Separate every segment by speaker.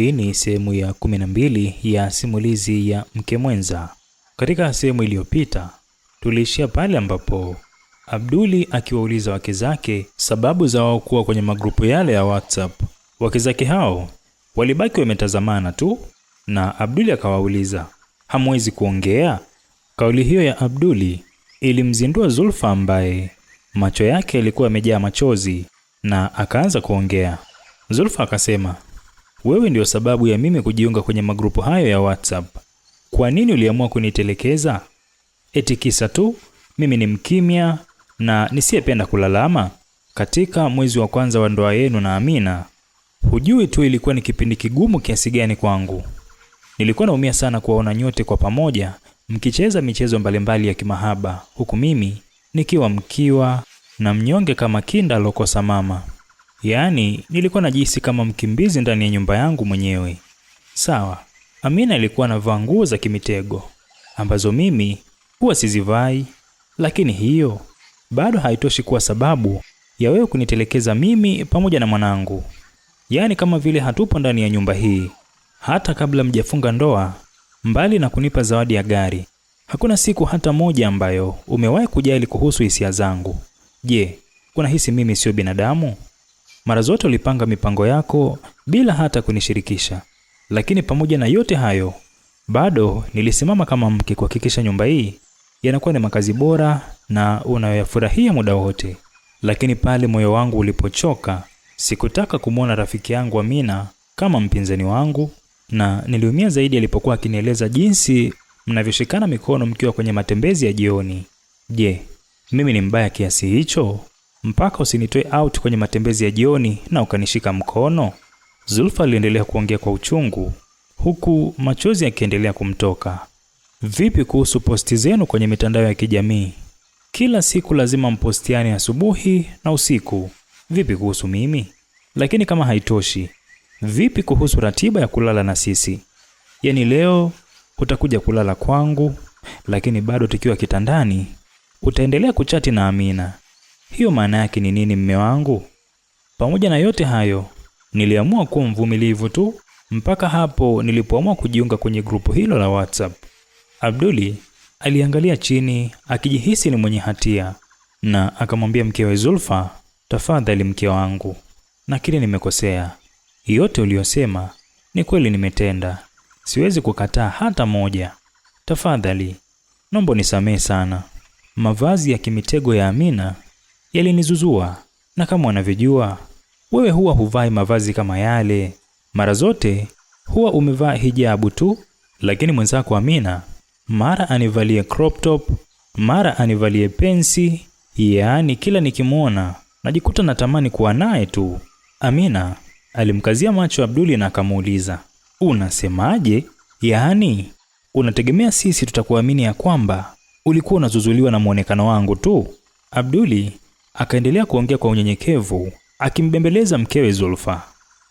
Speaker 1: Hii ni sehemu ya 12 ya simulizi ya Mke Mwenza. Katika sehemu iliyopita tuliishia pale ambapo Abduli akiwauliza wake zake sababu za wao kuwa kwenye magrupu yale ya WhatsApp. Wake zake hao walibaki wametazamana tu, na Abduli akawauliza hamwezi kuongea? Kauli hiyo ya Abduli ilimzindua Zulfa ambaye macho yake yalikuwa yamejaa machozi na akaanza kuongea. Zulfa akasema wewe ndio sababu ya mimi kujiunga kwenye magrupu hayo ya WhatsApp. Kwa nini uliamua kunitelekeza? Eti kisa tu mimi ni mkimya na nisiyependa kulalama? Katika mwezi wa kwanza wa ndoa yenu na Amina, hujui tu ilikuwa ni kipindi kigumu kiasi gani kwangu. Nilikuwa naumia sana kuwaona nyote kwa pamoja mkicheza michezo mbalimbali ya kimahaba, huku mimi nikiwa mkiwa na mnyonge kama kinda alokosa mama. Yaani nilikuwa najihisi kama mkimbizi ndani ya nyumba yangu mwenyewe. Sawa, Amina alikuwa anavaa nguo za kimitego ambazo mimi huwa sizivai, lakini hiyo bado haitoshi kuwa sababu ya wewe kunitelekeza mimi pamoja na mwanangu. Yaani kama vile hatupo ndani ya nyumba hii. Hata kabla mjafunga ndoa, mbali na kunipa zawadi ya gari, hakuna siku hata moja ambayo umewahi kujali kuhusu hisia zangu. Je, kuna hisi mimi sio binadamu? Mara zote ulipanga mipango yako bila hata kunishirikisha. Lakini pamoja na yote hayo, bado nilisimama kama mke kuhakikisha nyumba hii yanakuwa ni makazi bora na unayoyafurahia muda wote. Lakini pale moyo wangu ulipochoka, sikutaka kumwona rafiki yangu Amina kama mpinzani wangu, na niliumia zaidi alipokuwa akinieleza jinsi mnavyoshikana mikono mkiwa kwenye matembezi ya jioni. Je, mimi ni mbaya kiasi hicho? mpaka usinitoe out kwenye matembezi ya jioni na ukanishika mkono? Zulfa aliendelea kuongea kwa uchungu huku machozi yakiendelea kumtoka. Vipi kuhusu posti zenu kwenye mitandao ya kijamii? Kila siku lazima mpostiane asubuhi na usiku. Vipi kuhusu mimi? Lakini kama haitoshi, vipi kuhusu ratiba ya kulala na sisi? Yaani leo utakuja kulala kwangu, lakini bado tukiwa kitandani utaendelea kuchati na Amina. Hiyo maana yake ni nini, mme wangu? Pamoja na yote hayo, niliamua kuwa mvumilivu tu mpaka hapo nilipoamua kujiunga kwenye grupu hilo la WhatsApp. Abduli aliangalia chini akijihisi ni mwenye hatia na akamwambia mkewe Zulfa, tafadhali mke wangu, nakiri nimekosea. Yote uliyosema ni kweli, nimetenda, siwezi kukataa hata moja. Tafadhali naomba nisamehe sana. Mavazi ya kimitego ya Amina yalinizuzua, na kama wanavyojua, wewe huwa huvai mavazi kama yale. Mara zote huwa umevaa hijabu tu, lakini mwenzako Amina mara anivalie crop top, mara anivalie pensi, yaani kila nikimwona najikuta natamani kuwa naye tu. Amina alimkazia macho Abduli na akamuuliza, unasemaje? Yaani unategemea sisi tutakuamini ya kwamba ulikuwa unazuzuliwa na mwonekano wangu tu? Abduli Akaendelea kuongea kwa unyenyekevu akimbembeleza mkewe Zulfa.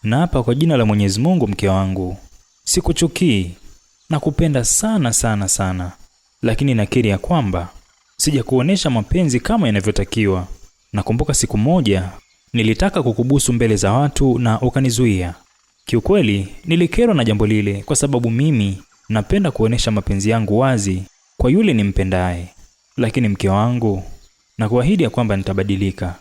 Speaker 1: Na hapa kwa jina la Mwenyezi Mungu, mke wangu, sikuchukii, nakupenda sana sana sana, lakini nakiri ya kwamba sijakuonesha mapenzi kama inavyotakiwa. Nakumbuka siku moja nilitaka kukubusu mbele za watu na ukanizuia. Kiukweli nilikerwa na jambo lile, kwa sababu mimi napenda kuonesha mapenzi yangu wazi kwa yule nimpendaye, lakini mke wangu na kuahidi ya kwamba nitabadilika.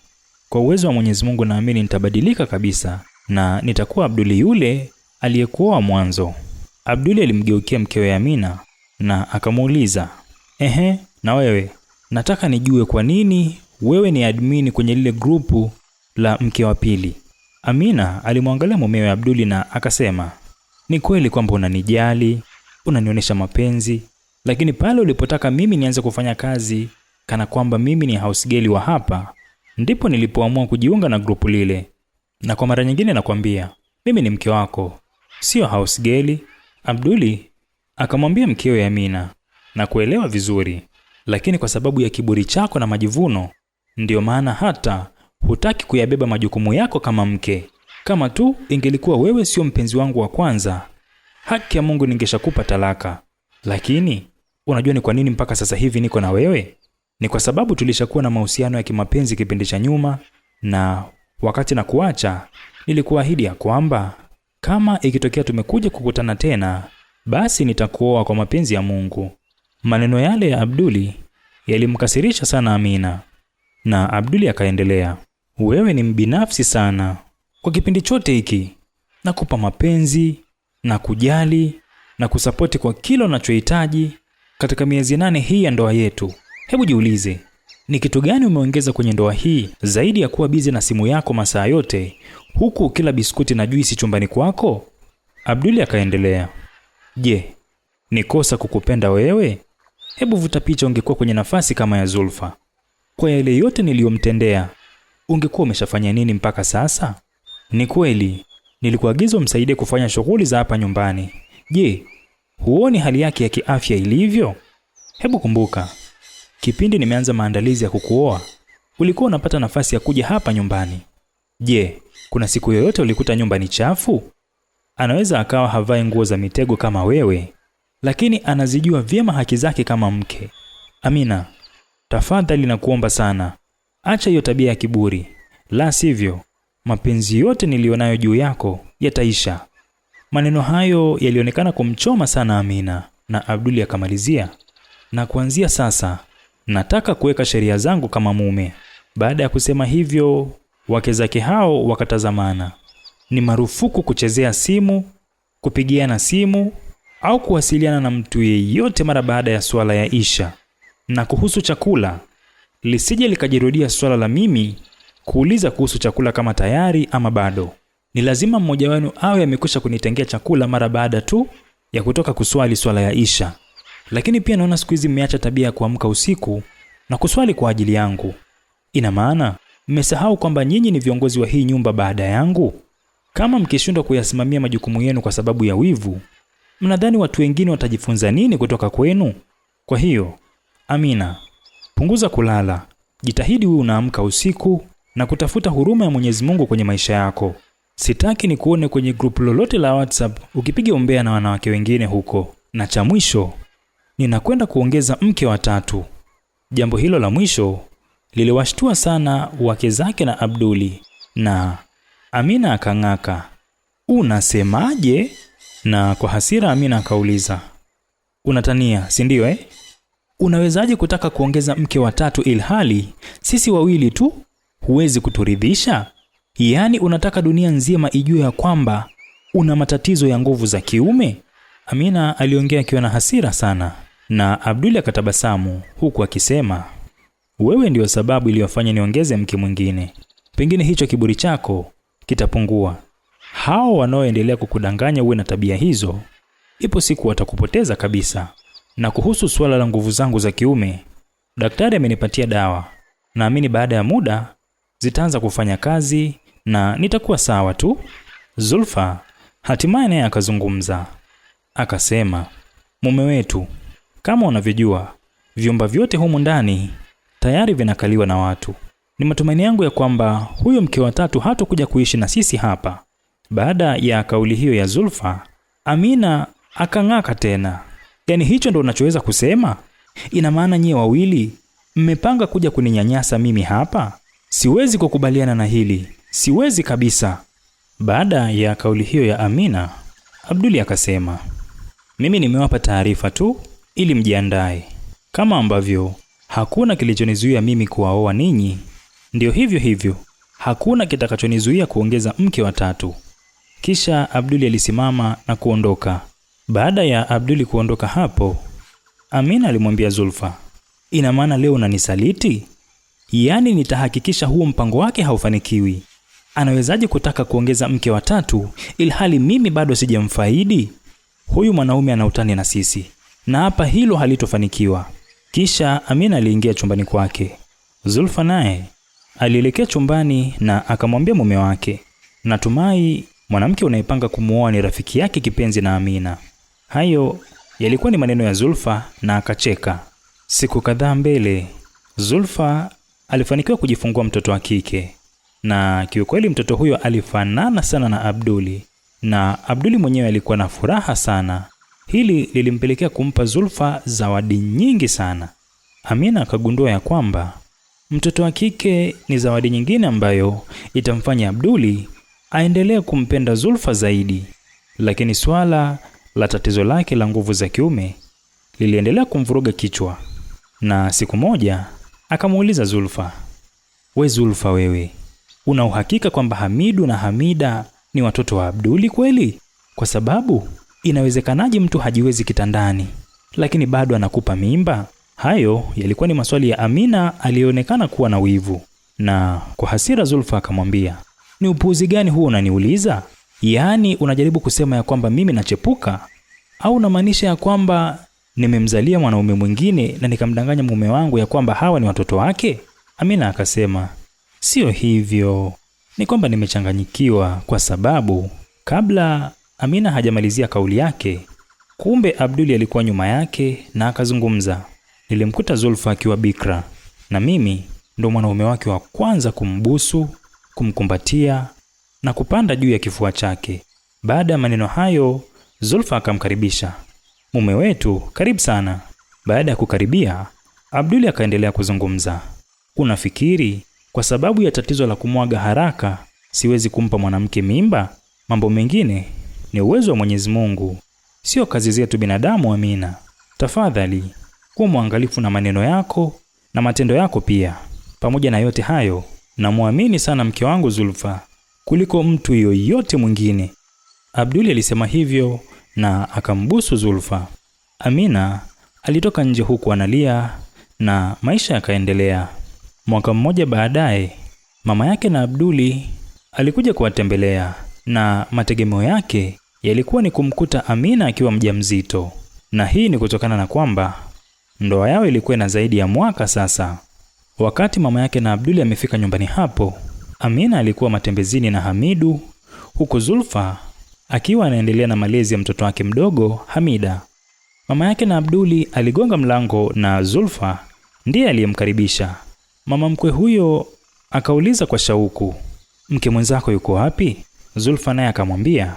Speaker 1: Kwa uwezo wa Mwenyezi Mungu, naamini nitabadilika kabisa na nitakuwa Abduli yule aliyekuoa mwanzo. Abduli alimgeukia mkewe Amina na akamuuliza, ehe, na wewe nataka nijue kwa nini wewe ni admin kwenye lile grupu la mke wa pili. Amina alimwangalia mumewe Abduli na akasema, ni kweli kwamba unanijali, unanionyesha mapenzi, lakini pale ulipotaka mimi nianze kufanya kazi kana kwamba mimi ni hausgeli wa hapa, ndipo nilipoamua kujiunga na grupu lile. Na kwa mara nyingine nakwambia, mimi ni mke wako, sio hausgeli. Abduli akamwambia mkewe Amina, na kuelewa vizuri, lakini kwa sababu ya kiburi chako na majivuno, ndiyo maana hata hutaki kuyabeba majukumu yako kama mke. Kama tu ingelikuwa wewe sio mpenzi wangu wa kwanza, haki ya Mungu ningeshakupa talaka. Lakini unajua ni kwa nini mpaka sasa hivi niko na wewe? Ni kwa sababu tulishakuwa na mahusiano ya kimapenzi kipindi cha nyuma, na wakati na kuacha nilikuahidi ya kwamba kama ikitokea tumekuja kukutana tena, basi nitakuoa kwa mapenzi ya Mungu. Maneno yale ya Abduli yalimkasirisha sana Amina, na Abduli akaendelea, wewe ni mbinafsi sana. Kwa kipindi chote hiki nakupa mapenzi na kujali na kusapoti kwa kila unachohitaji katika miezi nane hii ya ndoa yetu Hebu jiulize, ni kitu gani umeongeza kwenye ndoa hii zaidi ya kuwa bizi na simu yako masaa yote, huku kila biskuti na juisi chumbani kwako? Abduli akaendelea, je, ni kosa kukupenda wewe? Hebu vuta picha, ungekuwa kwenye nafasi kama ya Zulfa, kwa yale yote niliyomtendea, ungekuwa umeshafanya nini mpaka sasa? Ni kweli nilikuagizwa msaidie kufanya shughuli za hapa nyumbani. Je, huoni hali yake ya kiafya ilivyo? Hebu kumbuka Kipindi nimeanza maandalizi ya kukuoa, ulikuwa unapata nafasi ya kuja hapa nyumbani. Je, kuna siku yoyote ulikuta nyumba ni chafu? Anaweza akawa havai nguo za mitego kama wewe, lakini anazijua vyema haki zake kama mke. Amina, tafadhali nakuomba sana, acha hiyo tabia ya kiburi, la sivyo mapenzi yote niliyonayo juu yako yataisha. Maneno hayo yalionekana kumchoma sana Amina, na Abduli akamalizia, na kuanzia sasa nataka kuweka sheria zangu kama mume. Baada ya kusema hivyo, wake zake hao wakatazamana. Ni marufuku kuchezea simu, kupigiana simu au kuwasiliana na mtu yeyote mara baada ya swala ya Isha. Na kuhusu chakula, lisije likajirudia swala la mimi kuuliza kuhusu chakula kama tayari ama bado. Ni lazima mmoja wenu awe amekwisha kunitengea chakula mara baada tu ya kutoka kuswali swala ya Isha lakini pia naona siku hizi mmeacha tabia ya kuamka usiku na kuswali kwa ajili yangu. Ina maana mmesahau kwamba nyinyi ni viongozi wa hii nyumba baada yangu. Kama mkishindwa kuyasimamia majukumu yenu kwa sababu ya wivu, mnadhani watu wengine watajifunza nini kutoka kwenu? Kwa hiyo, Amina, punguza kulala, jitahidi wewe unaamka usiku na kutafuta huruma ya Mwenyezi Mungu kwenye maisha yako. Sitaki ni kuone kwenye grupu lolote la WhatsApp ukipiga umbea na wanawake wengine huko. Na cha mwisho ninakwenda kuongeza mke wa tatu. Jambo hilo la mwisho liliwashtua sana wake zake na Abduli, na Amina akang'aka, unasemaje? Na kwa hasira Amina akauliza, unatania si ndio eh? Unawezaje kutaka kuongeza mke wa tatu ilhali sisi wawili tu? Huwezi kuturidhisha? Yaani unataka dunia nzima ijue ya kwamba una matatizo ya nguvu za kiume? Amina aliongea akiwa na hasira sana na Abduli akatabasamu huku akisema, wewe ndiyo sababu iliyofanya niongeze mke mwingine, pengine hicho kiburi chako kitapungua. Hao wanaoendelea kukudanganya uwe na tabia hizo, ipo siku watakupoteza kabisa. Na kuhusu suala la nguvu zangu za kiume, daktari amenipatia dawa, naamini baada ya muda zitaanza kufanya kazi na nitakuwa sawa tu. Zulfa hatimaye naye akazungumza akasema, mume wetu kama unavyojua, vyumba vyote humu ndani tayari vinakaliwa na watu. Ni matumaini yangu ya kwamba huyo mke wa tatu hatokuja kuishi na sisi hapa. Baada ya kauli hiyo ya Zulfa, Amina akang'aka tena. Yaani hicho ndo unachoweza kusema? Ina maana nyie wawili mmepanga kuja kuninyanyasa mimi hapa? Siwezi kukubaliana na hili, siwezi kabisa. Baada ya kauli hiyo ya Amina, Abduli akasema, mimi nimewapa taarifa tu ili mjiandae. Kama ambavyo hakuna kilichonizuia mimi kuwaoa ninyi, ndio hivyo hivyo hakuna kitakachonizuia kuongeza mke wa tatu. Kisha Abduli alisimama na kuondoka. Baada ya Abduli kuondoka hapo, Amina alimwambia Zulfa, ina maana leo unanisaliti? Yaani nitahakikisha huo mpango wake haufanikiwi. Anawezaje kutaka kuongeza mke wa tatu ilhali mimi bado sijamfaidi? Huyu mwanaume ana utani na sisi na hapa hilo halitofanikiwa. Kisha Amina aliingia chumbani kwake. Zulfa naye alielekea chumbani na akamwambia mume wake, natumai mwanamke unayepanga kumwoa ni rafiki yake kipenzi na Amina. Hayo yalikuwa ni maneno ya Zulfa na akacheka. Siku kadhaa mbele, Zulfa alifanikiwa kujifungua mtoto wa kike, na kiukweli mtoto huyo alifanana sana na Abduli, na Abduli mwenyewe alikuwa na furaha sana. Hili lilimpelekea kumpa Zulfa zawadi nyingi sana. Amina akagundua ya kwamba mtoto wa kike ni zawadi nyingine ambayo itamfanya Abduli aendelee kumpenda Zulfa zaidi, lakini swala la tatizo lake la nguvu za kiume liliendelea kumvuruga kichwa. Na siku moja akamuuliza Zulfa, we Zulfa, wewe una uhakika kwamba Hamidu na Hamida ni watoto wa Abduli kweli? Kwa sababu inawezekanaje mtu hajiwezi kitandani lakini bado anakupa mimba? Hayo yalikuwa ni maswali ya Amina aliyeonekana kuwa na wivu, na kwa hasira Zulfa akamwambia, ni upuuzi gani huo unaniuliza? Yaani unajaribu kusema ya kwamba mimi nachepuka au unamaanisha ya kwamba nimemzalia mwanaume mwingine na nikamdanganya mume wangu ya kwamba hawa ni watoto wake? Amina akasema, siyo hivyo, ni kwamba nimechanganyikiwa kwa sababu kabla Amina hajamalizia kauli yake, kumbe Abduli alikuwa nyuma yake na akazungumza. Nilimkuta Zulfa akiwa bikra na mimi ndo mwanaume wake wa kwanza kumbusu, kumkumbatia na kupanda juu ya kifua chake. Baada ya maneno hayo, Zulfa akamkaribisha mume wetu, karibu sana. Baada ya kukaribia, Abduli akaendelea kuzungumza. Unafikiri kwa sababu ya tatizo la kumwaga haraka siwezi kumpa mwanamke mimba? Mambo mengine ni uwezo wa Mwenyezi Mungu, sio kazi zetu binadamu. Amina. Tafadhali kuwa mwangalifu na maneno yako na matendo yako pia. Pamoja na yote hayo, namwamini sana mke wangu Zulfa kuliko mtu yoyote mwingine. Abduli alisema hivyo na akambusu Zulfa. Amina alitoka nje huku analia na maisha yakaendelea. Mwaka mmoja baadaye, mama yake na Abduli alikuja kuwatembelea na mategemeo yake yalikuwa ni kumkuta Amina akiwa mjamzito, na hii ni kutokana na kwamba ndoa yao ilikuwa na zaidi ya mwaka sasa. Wakati mama yake na Abduli amefika nyumbani hapo, Amina alikuwa matembezini na Hamidu, huku Zulfa akiwa anaendelea na malezi ya mtoto wake mdogo Hamida. Mama yake na Abduli aligonga mlango na Zulfa ndiye aliyemkaribisha. Mama mkwe huyo akauliza kwa shauku, mke mwenzako yuko wapi? Zulfa naye akamwambia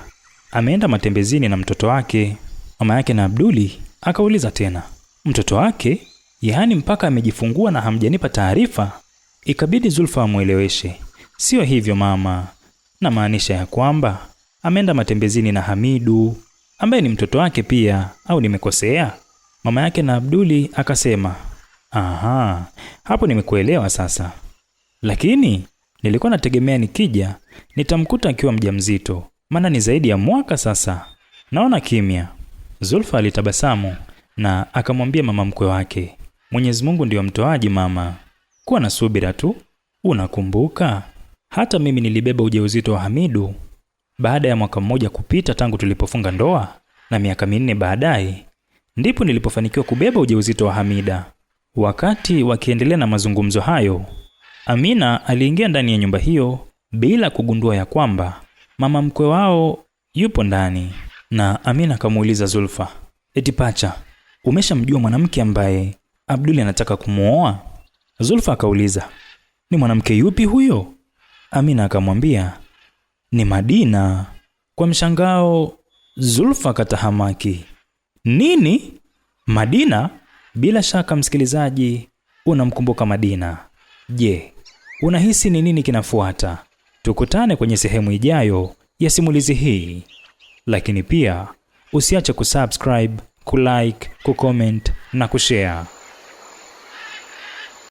Speaker 1: ameenda matembezini na mtoto wake. Mama yake na Abduli akauliza tena, mtoto wake? Yaani mpaka amejifungua na hamjanipa taarifa? Ikabidi Zulfa amweleweshe, siyo hivyo mama, na maanisha ya kwamba ameenda matembezini na Hamidu ambaye ni mtoto wake pia, au nimekosea? Mama yake na Abduli akasema, aha, hapo nimekuelewa sasa, lakini Nilikuwa nategemea nikija nitamkuta akiwa mjamzito, maana ni zaidi ya mwaka sasa. Naona kimya. Zulfa alitabasamu na akamwambia mama mkwe wake, Mwenyezi Mungu ndiyo mtoaji mama, kuwa na subira tu. Unakumbuka hata mimi nilibeba ujauzito wa Hamidu baada ya mwaka mmoja kupita tangu tulipofunga ndoa, na miaka minne baadaye ndipo nilipofanikiwa kubeba ujauzito wa Hamida. Wakati wakiendelea na mazungumzo hayo Amina aliingia ndani ya nyumba hiyo bila kugundua ya kwamba mama mkwe wao yupo ndani, na Amina akamuuliza Zulfa, eti pacha, umeshamjua mwanamke ambaye Abduli anataka kumwoa? Zulfa akauliza, ni mwanamke yupi huyo? Amina akamwambia ni Madina. Kwa mshangao, Zulfa katahamaki nini Madina? Bila shaka msikilizaji, unamkumbuka Madina Je, unahisi ni nini kinafuata? Tukutane kwenye sehemu ijayo ya simulizi hii, lakini pia usiache kusubscribe, kulike, kucomment na kushare.